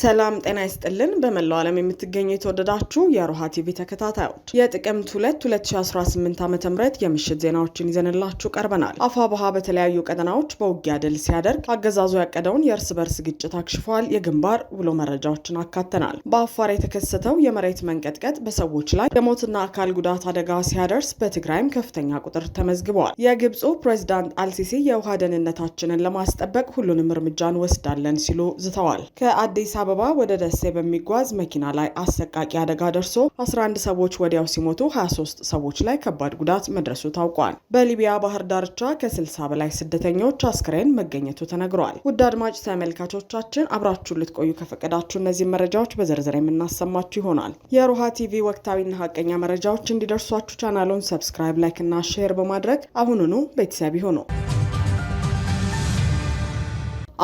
ሰላም ጤና ይስጥልን። በመላው ዓለም የምትገኙ የተወደዳችሁ የሮሃ ቲቪ ተከታታዮች የጥቅምት 2 2018 ዓ ም የምሽት ዜናዎችን ይዘንላችሁ ቀርበናል። አፋብኃ በተለያዩ ቀጠናዎች በውጊያ ድል ሲያደርግ አገዛዙ ያቀደውን የእርስ በርስ ግጭት አክሽፏል። የግንባር ውሎ መረጃዎችን አካተናል። በአፋር የተከሰተው የመሬት መንቀጥቀጥ በሰዎች ላይ የሞትና አካል ጉዳት አደጋ ሲያደርስ በትግራይም ከፍተኛ ቁጥር ተመዝግበዋል። የግብፁ ፕሬዚዳንት አልሲሲ የውሃ ደህንነታችንን ለማስጠበቅ ሁሉንም እርምጃ እንወስዳለን ሲሉ ዝተዋል። ከአዲስ አበባ ወደ ደሴ በሚጓዝ መኪና ላይ አሰቃቂ አደጋ ደርሶ 11 ሰዎች ወዲያው ሲሞቱ 23 ሰዎች ላይ ከባድ ጉዳት መድረሱ ታውቋል። በሊቢያ ባህር ዳርቻ ከ60 በላይ ስደተኞች አስክሬን መገኘቱ ተነግሯል። ውድ አድማጭ ተመልካቾቻችን አብራችሁን ልትቆዩ ከፈቀዳችሁ እነዚህ መረጃዎች በዝርዝር የምናሰማችሁ ይሆናል። የሮሃ ቲቪ ወቅታዊና ሀቀኛ መረጃዎች እንዲደርሷችሁ ቻናሉን ሰብስክራይብ፣ ላይክ እና ሼር በማድረግ አሁኑኑ ቤተሰብ ይሁኑ።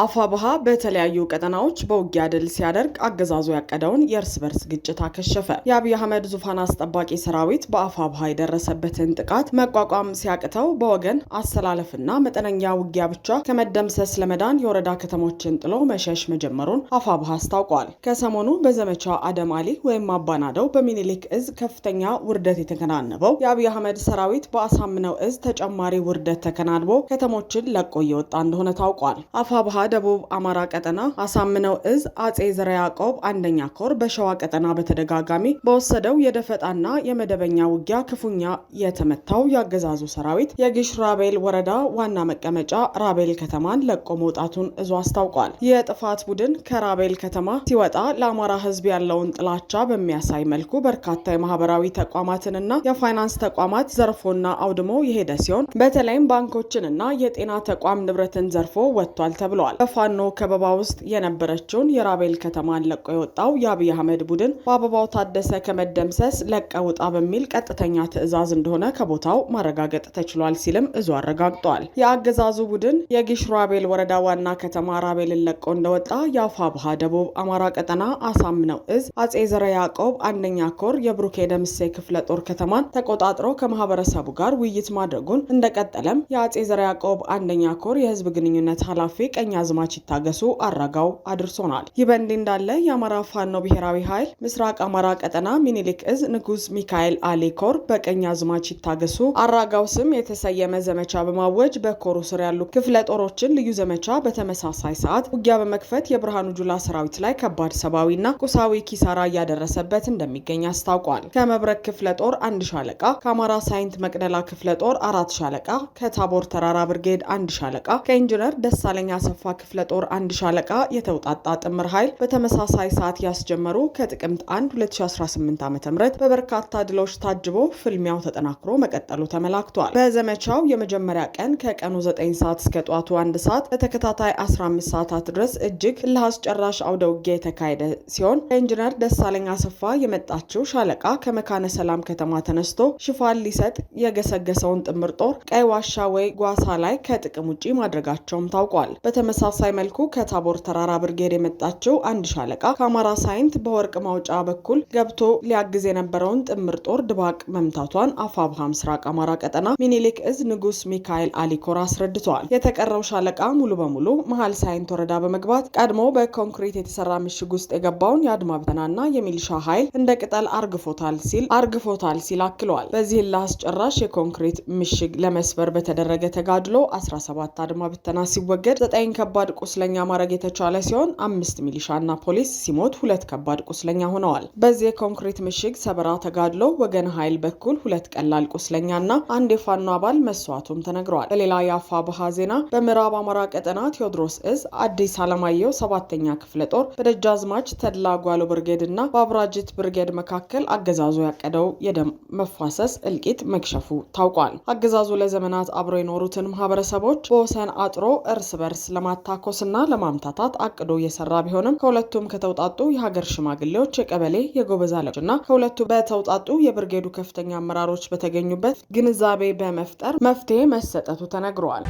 አፋብሃ በተለያዩ ቀጠናዎች በውጊያ ድል ሲያደርግ አገዛዙ ያቀደውን የእርስ በርስ ግጭት አከሸፈ። የአብይ አህመድ ዙፋን አስጠባቂ ሰራዊት በአፋብሃ የደረሰበትን ጥቃት መቋቋም ሲያቅተው በወገን አሰላለፍና መጠነኛ ውጊያ ብቻ ከመደምሰስ ለመዳን የወረዳ ከተሞችን ጥሎ መሸሽ መጀመሩን አፋብሃ አስታውቋል። ከሰሞኑ በዘመቻ አደም አሊ ወይም አባናደው በሚኒሊክ እዝ ከፍተኛ ውርደት የተከናነበው የአብይ አህመድ ሰራዊት በአሳምነው እዝ ተጨማሪ ውርደት ተከናንቦ ከተሞችን ለቆ እየወጣ እንደሆነ ታውቋል። አፋብሃ ደቡብ አማራ ቀጠና አሳምነው እዝ አጼ ዘረ ያዕቆብ አንደኛ ኮር በሸዋ ቀጠና በተደጋጋሚ በወሰደው የደፈጣና የመደበኛ ውጊያ ክፉኛ የተመታው የአገዛዙ ሰራዊት የግሽ ራቤል ወረዳ ዋና መቀመጫ ራቤል ከተማን ለቆ መውጣቱን እዙ አስታውቋል። የጥፋት ቡድን ከራቤል ከተማ ሲወጣ ለአማራ ሕዝብ ያለውን ጥላቻ በሚያሳይ መልኩ በርካታ የማህበራዊ ተቋማትንና የፋይናንስ ተቋማት ዘርፎና አውድሞ የሄደ ሲሆን በተለይም ባንኮችንና የጤና ተቋም ንብረትን ዘርፎ ወጥቷል ተብሏል። ተናግረዋል። በፋኖ ከበባ ውስጥ የነበረችውን የራቤል ከተማን ለቆ የወጣው የአብይ አህመድ ቡድን በአበባው ታደሰ ከመደምሰስ ለቀውጣ በሚል ቀጥተኛ ትዕዛዝ እንደሆነ ከቦታው ማረጋገጥ ተችሏል ሲልም እዙ አረጋግጧል። የአገዛዙ ቡድን የጊሽ ራቤል ወረዳ ዋና ከተማ ራቤልን ለቆ እንደወጣ የአፋ ባሃ ደቡብ አማራ ቀጠና አሳምነው እዝ አጼ ዘረ ያዕቆብ አንደኛ ኮር የብሩኬ ደምሴ ክፍለ ጦር ከተማን ተቆጣጥሮ ከማህበረሰቡ ጋር ውይይት ማድረጉን እንደቀጠለም የአጼ ዘረ ያዕቆብ አንደኛ ኮር የህዝብ ግንኙነት ኃላፊ ቀኛ ደጃዝማች ይታገሱ አራጋው አድርሶናል። ይህ በእንዲህ እንዳለ የአማራ ፋኖ ብሔራዊ ኃይል ምስራቅ አማራ ቀጠና ሚኒሊክ እዝ ንጉስ ሚካኤል አሊ ኮር በቀኛዝማች ይታገሱ አራጋው ስም የተሰየመ ዘመቻ በማወጅ በኮሩ ስር ያሉ ክፍለ ጦሮችን ልዩ ዘመቻ በተመሳሳይ ሰዓት ውጊያ በመክፈት የብርሃኑ ጁላ ሰራዊት ላይ ከባድ ሰብአዊና ቁሳዊ ኪሳራ እያደረሰበት እንደሚገኝ አስታውቋል። ከመብረቅ ክፍለ ጦር አንድ ሻለቃ፣ ከአማራ ሳይንት መቅደላ ክፍለ ጦር አራት ሻለቃ፣ ከታቦር ተራራ ብርጌድ አንድ ሻለቃ፣ ከኢንጂነር ደሳለኝ አሰፋ ክፍለ ጦር አንድ ሻለቃ የተውጣጣ ጥምር ኃይል በተመሳሳይ ሰዓት ያስጀመሩ ከጥቅምት 1 2018 ዓ ም በበርካታ ድሎች ታጅቦ ፍልሚያው ተጠናክሮ መቀጠሉ ተመላክቷል። በዘመቻው የመጀመሪያ ቀን ከቀኑ 9 ሰዓት እስከ ጠዋቱ 1 ሰዓት በተከታታይ 15 ሰዓታት ድረስ እጅግ እልህ አስጨራሽ አውደ ውጊያ የተካሄደ ሲሆን ከኢንጂነር ደሳለኝ አሰፋ የመጣችው ሻለቃ ከመካነ ሰላም ከተማ ተነስቶ ሽፋን ሊሰጥ የገሰገሰውን ጥምር ጦር ቀይ ዋሻ ወይ ጓሳ ላይ ከጥቅም ውጪ ማድረጋቸውም ታውቋል። በተመሳሳይ መልኩ ከታቦር ተራራ ብርጌድ የመጣችው አንድ ሻለቃ ከአማራ ሳይንት በወርቅ ማውጫ በኩል ገብቶ ሊያግዝ የነበረውን ጥምር ጦር ድባቅ መምታቷን አፋብሃ ምስራቅ አማራ ቀጠና ሚኒሊክ እዝ ንጉስ ሚካኤል አሊኮር አስረድተዋል። የተቀረው ሻለቃ ሙሉ በሙሉ መሀል ሳይንት ወረዳ በመግባት ቀድሞ በኮንክሪት የተሰራ ምሽግ ውስጥ የገባውን የአድማ ብተናና የሚሊሻ ኃይል እንደ ቅጠል አርግፎታል ሲል አርግፎታል ሲል አክለዋል። በዚህ ለአስጨራሽ የኮንክሪት ምሽግ ለመስበር በተደረገ ተጋድሎ 17 አድማ ብተና ሲወገድ 9 ከባድ ቁስለኛ ማድረግ የተቻለ ሲሆን አምስት ሚሊሻና ፖሊስ ሲሞት ሁለት ከባድ ቁስለኛ ሆነዋል። በዚህ የኮንክሪት ምሽግ ሰበራ ተጋድሎ ወገን ኃይል በኩል ሁለት ቀላል ቁስለኛና አንድ የፋኖ አባል መስዋዕቱም ተነግረዋል። በሌላ የአፋ ባሃ ዜና በምዕራብ አማራ ቀጠና ቴዎድሮስ እዝ አዲስ አለማየሁ ሰባተኛ ክፍለ ጦር በደጃዝማች ተድላ ጓሎ ብርጌድ እና በአብራጅት ብርጌድ መካከል አገዛዙ ያቀደው የደም መፋሰስ እልቂት መክሸፉ ታውቋል። አገዛዙ ለዘመናት አብሮ የኖሩትን ማህበረሰቦች በወሰን አጥሮ እርስ በርስ ለማ ለማታኮስና ለማምታታት አቅዶ እየሰራ ቢሆንም ከሁለቱም ከተውጣጡ የሀገር ሽማግሌዎች፣ የቀበሌ የጎበዝ አለቆች እና ከሁለቱ በተውጣጡ የብርጌዱ ከፍተኛ አመራሮች በተገኙበት ግንዛቤ በመፍጠር መፍትሄ መሰጠቱ ተነግረዋል።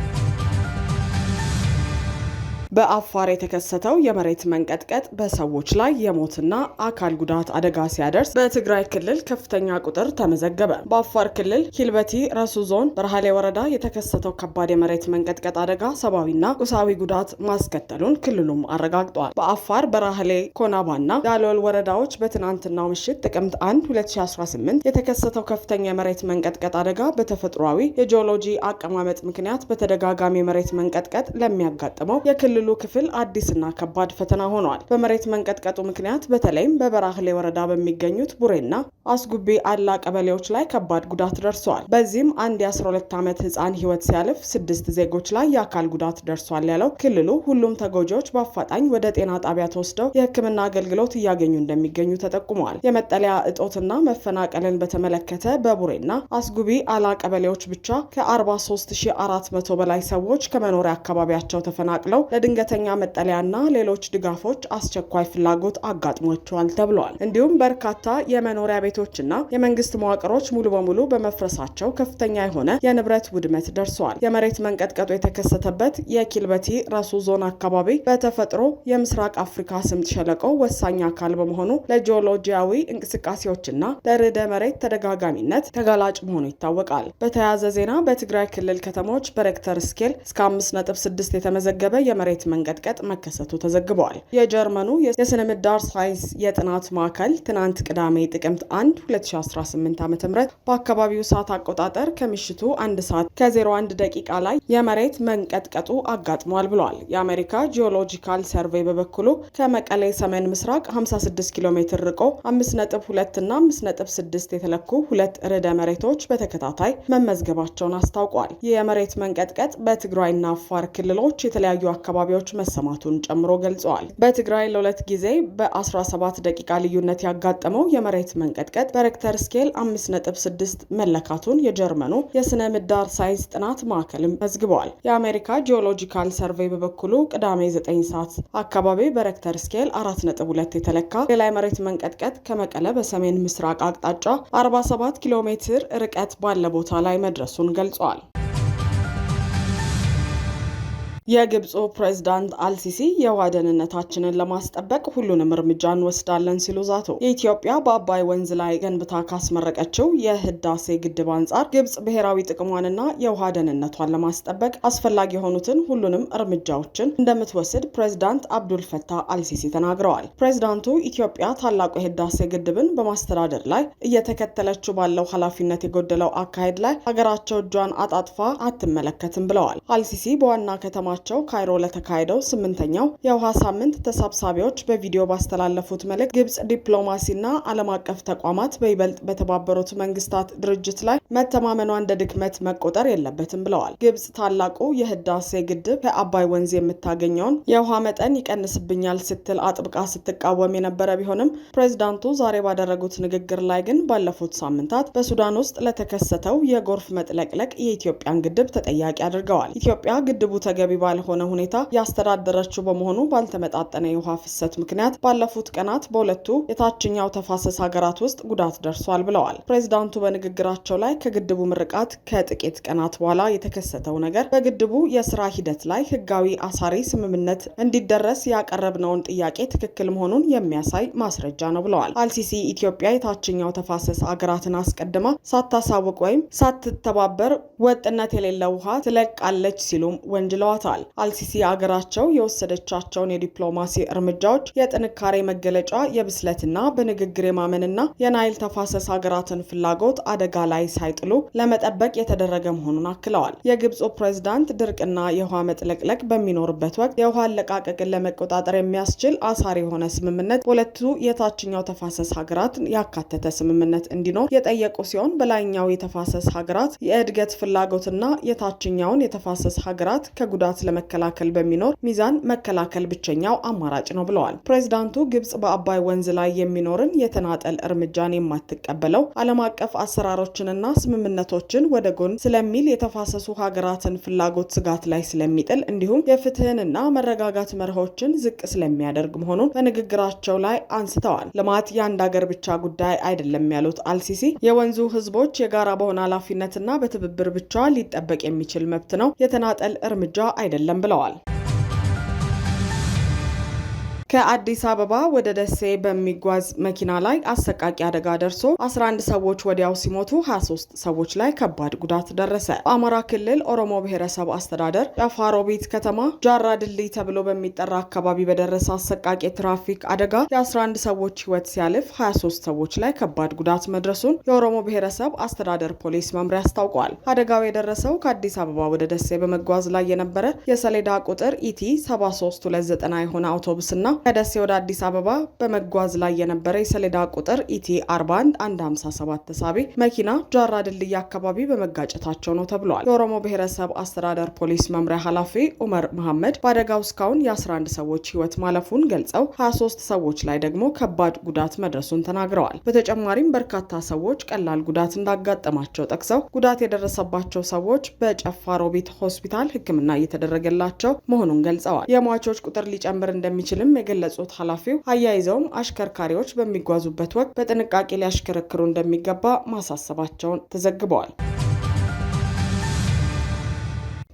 በአፋር የተከሰተው የመሬት መንቀጥቀጥ በሰዎች ላይ የሞትና አካል ጉዳት አደጋ ሲያደርስ በትግራይ ክልል ከፍተኛ ቁጥር ተመዘገበ። በአፋር ክልል ኪልበቲ ረሱ ዞን በርሃሌ ወረዳ የተከሰተው ከባድ የመሬት መንቀጥቀጥ አደጋ ሰብአዊና ቁሳዊ ጉዳት ማስከተሉን ክልሉም አረጋግጧል። በአፋር በራህሌ ኮናባና ዳሎል ወረዳዎች በትናንትናው ምሽት ጥቅምት 1 2018 የተከሰተው ከፍተኛ የመሬት መንቀጥቀጥ አደጋ በተፈጥሯዊ የጂኦሎጂ አቀማመጥ ምክንያት በተደጋጋሚ የመሬት መንቀጥቀጥ ለሚያጋጥመው የክልሉ የክልሉ ክፍል አዲስና ከባድ ፈተና ሆኗል። በመሬት መንቀጥቀጡ ምክንያት በተለይም በበራህሌ ወረዳ በሚገኙት ቡሬና አስጉቢ አላ ቀበሌዎች ላይ ከባድ ጉዳት ደርሰዋል። በዚህም አንድ የ12 ዓመት ህፃን ህይወት ሲያልፍ ስድስት ዜጎች ላይ የአካል ጉዳት ደርሷል ያለው ክልሉ ሁሉም ተጎጂዎች በአፋጣኝ ወደ ጤና ጣቢያ ተወስደው የህክምና አገልግሎት እያገኙ እንደሚገኙ ተጠቁመዋል። የመጠለያ እጦትና መፈናቀልን በተመለከተ በቡሬና አስጉቢ አላ ቀበሌዎች ብቻ ከ43400 በላይ ሰዎች ከመኖሪያ አካባቢያቸው ተፈናቅለው ለድንገተኛ መጠለያና ሌሎች ድጋፎች አስቸኳይ ፍላጎት አጋጥሟቸዋል ተብሏል። እንዲሁም በርካታ የመኖሪያ ቤት ቤቶችና የመንግስት መዋቅሮች ሙሉ በሙሉ በመፍረሳቸው ከፍተኛ የሆነ የንብረት ውድመት ደርሰዋል። የመሬት መንቀጥቀጡ የተከሰተበት የኪልበቲ ራሱ ዞን አካባቢ በተፈጥሮ የምስራቅ አፍሪካ ስምጥ ሸለቆ ወሳኝ አካል በመሆኑ ለጂኦሎጂያዊ እንቅስቃሴዎችና ለርዕደ መሬት ተደጋጋሚነት ተጋላጭ መሆኑ ይታወቃል። በተያያዘ ዜና በትግራይ ክልል ከተሞች በሬክተር ስኬል እስከ 5.6 የተመዘገበ የመሬት መንቀጥቀጥ መከሰቱ ተዘግቧል። የጀርመኑ የስነ ምህዳር ሳይንስ የጥናት ማዕከል ትናንት ቅዳሜ ጥቅምት 1 2018 ዓ ም በአካባቢው ሰዓት አቆጣጠር ከምሽቱ 1 ሰዓት ከ01 ደቂቃ ላይ የመሬት መንቀጥቀጡ አጋጥሟል ብሏል። የአሜሪካ ጂኦሎጂካል ሰርቬይ በበኩሉ ከመቀሌ ሰሜን ምስራቅ 56 ኪሎ ሜትር ርቆ 5.2 እና 5.6 የተለኩ ሁለት ርዕደ መሬቶች በተከታታይ መመዝገባቸውን አስታውቋል። ይህ የመሬት መንቀጥቀጥ በትግራይና አፋር ክልሎች የተለያዩ አካባቢዎች መሰማቱን ጨምሮ ገልጸዋል። በትግራይ ለሁለት ጊዜ በ17 ደቂቃ ልዩነት ያጋጠመው የመሬት መንቀጥቀጥ በመመልከት በሬክተር ስኬል 5.6 መለካቱን የጀርመኑ የስነ ምህዳር ሳይንስ ጥናት ማዕከልም መዝግበዋል። የአሜሪካ ጂኦሎጂካል ሰርቬይ በበኩሉ ቅዳሜ 9 ሰዓት አካባቢ በሬክተር ስኬል 4.2 የተለካ ሌላ የመሬት መንቀጥቀጥ ከመቀለ በሰሜን ምስራቅ አቅጣጫ 47 ኪሎ ሜትር ርቀት ባለ ቦታ ላይ መድረሱን ገልጿል። የግብፁ ፕሬዝዳንት አልሲሲ የውሃ ደህንነታችንን ለማስጠበቅ ሁሉንም እርምጃ እንወስዳለን ሲሉ ዛቱ። የኢትዮጵያ በአባይ ወንዝ ላይ ገንብታ ካስመረቀችው የህዳሴ ግድብ አንጻር ግብፅ ብሔራዊ ጥቅሟንና የውሃ ደህንነቷን ለማስጠበቅ አስፈላጊ የሆኑትን ሁሉንም እርምጃዎችን እንደምትወስድ ፕሬዝዳንት አብዱል ፈታህ አልሲሲ ተናግረዋል። ፕሬዚዳንቱ ኢትዮጵያ ታላቁ የህዳሴ ግድብን በማስተዳደር ላይ እየተከተለችው ባለው ኃላፊነት የጎደለው አካሄድ ላይ ሀገራቸው እጇን አጣጥፋ አትመለከትም ብለዋል። አልሲሲ በዋና ከተማ በተቋማቸው ካይሮ ለተካሄደው ስምንተኛው የውሃ ሳምንት ተሰብሳቢዎች በቪዲዮ ባስተላለፉት መልእክት ግብጽ ዲፕሎማሲና ዓለም አቀፍ ተቋማት በይበልጥ በተባበሩት መንግስታት ድርጅት ላይ መተማመኗ እንደ ድክመት መቆጠር የለበትም ብለዋል። ግብጽ ታላቁ የህዳሴ ግድብ ከአባይ ወንዝ የምታገኘውን የውሃ መጠን ይቀንስብኛል ስትል አጥብቃ ስትቃወም የነበረ ቢሆንም ፕሬዚዳንቱ ዛሬ ባደረጉት ንግግር ላይ ግን ባለፉት ሳምንታት በሱዳን ውስጥ ለተከሰተው የጎርፍ መጥለቅለቅ የኢትዮጵያን ግድብ ተጠያቂ አድርገዋል። ኢትዮጵያ ግድቡ ተገቢ ባልሆነ ሁኔታ ያስተዳደረችው በመሆኑ ባልተመጣጠነ የውሃ ፍሰት ምክንያት ባለፉት ቀናት በሁለቱ የታችኛው ተፋሰስ ሀገራት ውስጥ ጉዳት ደርሷል ብለዋል። ፕሬዚዳንቱ በንግግራቸው ላይ ከግድቡ ምርቃት ከጥቂት ቀናት በኋላ የተከሰተው ነገር በግድቡ የስራ ሂደት ላይ ህጋዊ አሳሪ ስምምነት እንዲደረስ ያቀረብነውን ጥያቄ ትክክል መሆኑን የሚያሳይ ማስረጃ ነው ብለዋል። አልሲሲ ኢትዮጵያ የታችኛው ተፋሰስ አገራትን አስቀድማ ሳታሳውቅ ወይም ሳትተባበር ወጥነት የሌለ ውሃ ትለቃለች ሲሉም ወንጅለዋታል። ብለዋል። አልሲሲ አገራቸው የወሰደቻቸውን የዲፕሎማሲ እርምጃዎች የጥንካሬ መገለጫ፣ የብስለትና በንግግር የማመንና የናይል ተፋሰስ ሀገራትን ፍላጎት አደጋ ላይ ሳይጥሉ ለመጠበቅ የተደረገ መሆኑን አክለዋል። የግብፁ ፕሬዝዳንት ድርቅና የውሃ መጥለቅለቅ በሚኖርበት ወቅት የውሃ አለቃቀቅን ለመቆጣጠር የሚያስችል አሳሪ የሆነ ስምምነት በሁለቱ የታችኛው ተፋሰስ ሀገራት ያካተተ ስምምነት እንዲኖር የጠየቁ ሲሆን በላይኛው የተፋሰስ ሀገራት የእድገት ፍላጎትና የታችኛውን የተፋሰስ ሀገራት ከጉዳት ለመከላከል በሚኖር ሚዛን መከላከል ብቸኛው አማራጭ ነው ብለዋል። ፕሬዚዳንቱ ግብጽ በአባይ ወንዝ ላይ የሚኖርን የተናጠል እርምጃን የማትቀበለው ዓለም አቀፍ አሰራሮችንና ስምምነቶችን ወደ ጎን ስለሚል የተፋሰሱ ሀገራትን ፍላጎት ስጋት ላይ ስለሚጥል እንዲሁም የፍትህንና መረጋጋት መርሆችን ዝቅ ስለሚያደርግ መሆኑን በንግግራቸው ላይ አንስተዋል። ልማት የአንድ ሀገር ብቻ ጉዳይ አይደለም ያሉት አልሲሲ የወንዙ ህዝቦች የጋራ በሆነ ኃላፊነትና በትብብር ብቻ ሊጠበቅ የሚችል መብት ነው፣ የተናጠል እርምጃ አይደለም አይደለም ብለዋል። ከአዲስ አበባ ወደ ደሴ በሚጓዝ መኪና ላይ አሰቃቂ አደጋ ደርሶ 11 ሰዎች ወዲያው ሲሞቱ 23 ሰዎች ላይ ከባድ ጉዳት ደረሰ። በአማራ ክልል ኦሮሞ ብሔረሰብ አስተዳደር ቤት ከተማ ጃራ ድልድይ ተብሎ በሚጠራ አካባቢ በደረሰ አሰቃቂ የትራፊክ አደጋ የ11 ሰዎች ሕይወት ሲያልፍ 23 ሰዎች ላይ ከባድ ጉዳት መድረሱን የኦሮሞ ብሔረሰብ አስተዳደር ፖሊስ መምሪያ አስታውቋል። አደጋው የደረሰው ከአዲስ አበባ ወደ ደሴ በመጓዝ ላይ የነበረ የሰሌዳ ቁጥር ኢቲ 7329 የሆነ አውቶቡስና ከደሴ ወደ አዲስ አበባ በመጓዝ ላይ የነበረ የሰሌዳ ቁጥር ኢቲ 41157 ተሳቢ መኪና ጃራ ድልድይ አካባቢ በመጋጨታቸው ነው ተብሏል። የኦሮሞ ብሔረሰብ አስተዳደር ፖሊስ መምሪያ ኃላፊ ኡመር መሐመድ በአደጋው እስካሁን የ11 ሰዎች ህይወት ማለፉን ገልጸው 23 ሰዎች ላይ ደግሞ ከባድ ጉዳት መድረሱን ተናግረዋል። በተጨማሪም በርካታ ሰዎች ቀላል ጉዳት እንዳጋጠማቸው ጠቅሰው ጉዳት የደረሰባቸው ሰዎች በጨፋ ሮቢት ሆስፒታል ሕክምና እየተደረገላቸው መሆኑን ገልጸዋል። የሟቾች ቁጥር ሊጨምር እንደሚችልም የገለጹት ኃላፊው አያይዘውም አሽከርካሪዎች በሚጓዙበት ወቅት በጥንቃቄ ሊያሽከረክሩ እንደሚገባ ማሳሰባቸውን ተዘግበዋል።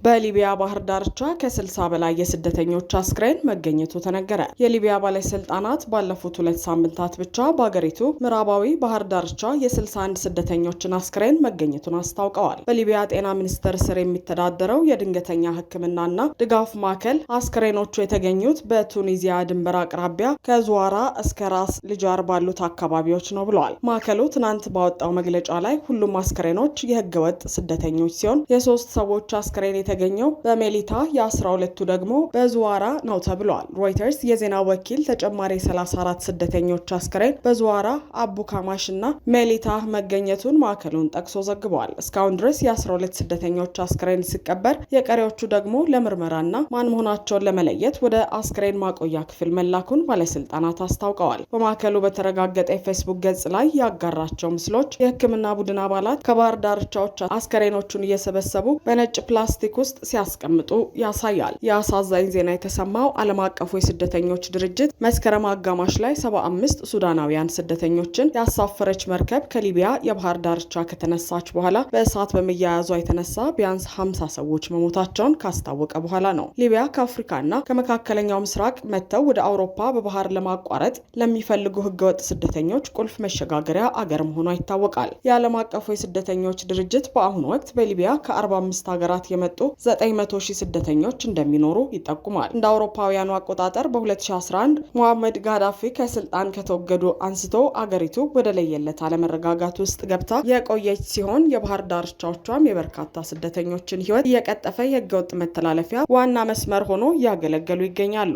በሊቢያ ባህር ዳርቻ ከ60 በላይ የስደተኞች አስክሬን መገኘቱ ተነገረ። የሊቢያ ባለስልጣናት ባለፉት ሁለት ሳምንታት ብቻ በአገሪቱ ምዕራባዊ ባህር ዳርቻ የ61 ስደተኞችን አስክሬን መገኘቱን አስታውቀዋል። በሊቢያ ጤና ሚኒስቴር ስር የሚተዳደረው የድንገተኛ ሕክምናና ድጋፍ ማዕከል አስክሬኖቹ የተገኙት በቱኒዚያ ድንበር አቅራቢያ ከዙዋራ እስከ ራስ ልጃር ባሉት አካባቢዎች ነው ብለዋል። ማዕከሉ ትናንት ባወጣው መግለጫ ላይ ሁሉም አስክሬኖች የህገወጥ ስደተኞች ሲሆን የሶስት ሰዎች አስክሬን የተገኘው በሜሊታ የአስራ ሁለቱ ደግሞ በዙዋራ ነው ተብሏል። ሮይተርስ የዜና ወኪል ተጨማሪ 34 ስደተኞች አስክሬን በዙዋራ አቡ ካማሽ እና ሜሊታ መገኘቱን ማዕከሉን ጠቅሶ ዘግበዋል። እስካሁን ድረስ የ12 ስደተኞች አስክሬን ሲቀበር የቀሪዎቹ ደግሞ ለምርመራና ማን መሆናቸውን ለመለየት ወደ አስክሬን ማቆያ ክፍል መላኩን ባለስልጣናት አስታውቀዋል። በማዕከሉ በተረጋገጠ የፌስቡክ ገጽ ላይ ያጋራቸው ምስሎች የሕክምና ቡድን አባላት ከባህር ዳርቻዎች አስከሬኖቹን እየሰበሰቡ በነጭ ፕላስቲክ ውስጥ ሲያስቀምጡ ያሳያል። የአሳዛኝ ዜና የተሰማው ዓለም አቀፉ የስደተኞች ድርጅት መስከረም አጋማሽ ላይ 75 ሱዳናውያን ስደተኞችን ያሳፈረች መርከብ ከሊቢያ የባህር ዳርቻ ከተነሳች በኋላ በእሳት በመያያዟ የተነሳ ቢያንስ 50 ሰዎች መሞታቸውን ካስታወቀ በኋላ ነው። ሊቢያ ከአፍሪካና ከመካከለኛው ምስራቅ መጥተው ወደ አውሮፓ በባህር ለማቋረጥ ለሚፈልጉ ህገወጥ ስደተኞች ቁልፍ መሸጋገሪያ አገር መሆኗ ይታወቃል። የዓለም አቀፉ የስደተኞች ድርጅት በአሁኑ ወቅት በሊቢያ ከ45 ሀገራት የመጡ 900 ሺህ ስደተኞች እንደሚኖሩ ይጠቁማል። እንደ አውሮፓውያኑ አቆጣጠር በ2011 ሞሐመድ ጋዳፊ ከስልጣን ከተወገዱ አንስቶ አገሪቱ ወደ ለየለት አለመረጋጋት ውስጥ ገብታ የቆየች ሲሆን የባህር ዳርቻዎቿም የበርካታ ስደተኞችን ሕይወት እየቀጠፈ የህገወጥ መተላለፊያ ዋና መስመር ሆኖ እያገለገሉ ይገኛሉ።